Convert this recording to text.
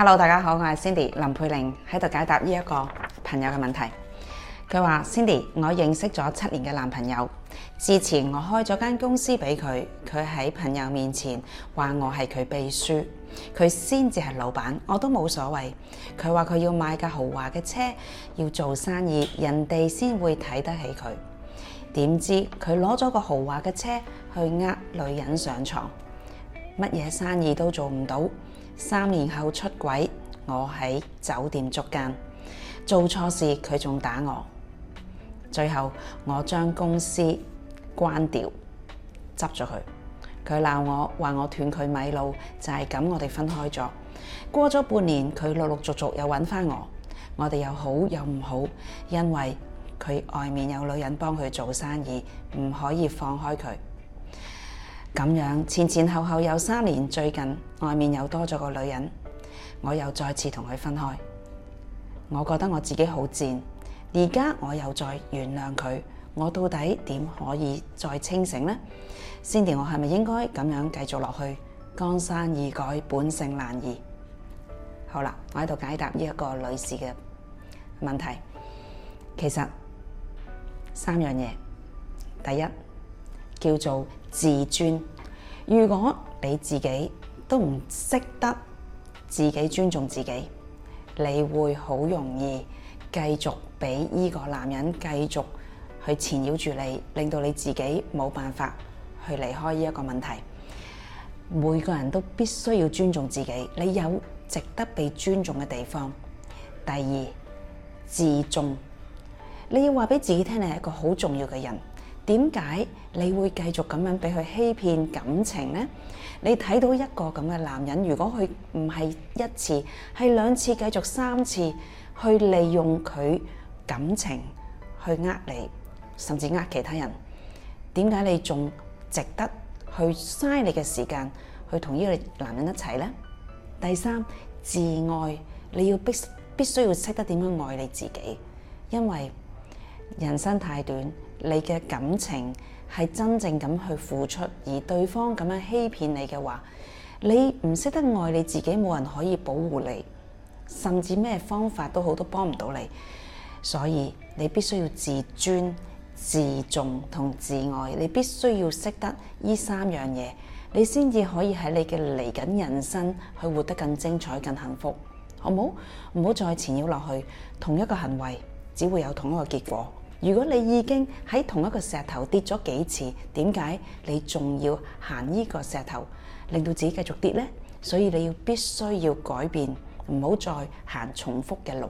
Hello，大家好，我係 Cindy 林佩玲喺度解答呢一個朋友嘅問題。佢話 Cindy，我認識咗七年嘅男朋友，之前我開咗間公司俾佢，佢喺朋友面前話我係佢秘書，佢先至係老闆，我都冇所謂。佢話佢要買架豪華嘅車，要做生意，人哋先會睇得起佢。點知佢攞咗個豪華嘅車去呃女人上床。乜嘢生意都做唔到，三年後出軌，我喺酒店捉奸，做錯事佢仲打我，最後我將公司關掉執咗佢，佢鬧我話我斷佢米路，就係咁我哋分開咗。過咗半年佢陸陸續續又搵翻我，我哋又好又唔好，因為佢外面有女人幫佢做生意，唔可以放開佢。咁樣前前後後有三年，最近外面又多咗個女人，我又再次同佢分開。我覺得我自己好賤，而家我又再原諒佢，我到底點可以再清醒呢，先至我係咪應該咁樣繼續落去？江山易改，本性難移。好啦，我喺度解答呢一個女士嘅問題。其實三樣嘢，第一叫做。自尊，如果你自己都唔識得自己尊重自己，你會好容易繼續俾依個男人繼續去纏繞住你，令到你自己冇辦法去離開呢一個問題。每個人都必須要尊重自己，你有值得被尊重嘅地方。第二，自重，你要話俾自己聽，你係一個好重要嘅人。點解你會繼續咁樣俾佢欺騙感情呢？你睇到一個咁嘅男人，如果佢唔係一次，係兩次，繼續三次去利用佢感情去呃你，甚至呃其他人，點解你仲值得去嘥你嘅時間去同呢個男人一齊呢？第三，自愛，你要必必須要識得點樣愛你自己，因為人生太短。你嘅感情係真正咁去付出，而對方咁樣欺騙你嘅話，你唔識得愛你自己，冇人可以保護你，甚至咩方法都好都幫唔到你。所以你必須要自尊、自重同自愛，你必須要識得呢三樣嘢，你先至可以喺你嘅嚟緊人生去活得更精彩、更幸福，好唔好？唔好再纏繞落去，同一個行為只會有同一個結果。如果你已經喺同一個石頭跌咗幾次，點解你仲要行呢個石頭，令到自己繼續跌呢？所以你要必須要改變，唔好再行重複嘅路。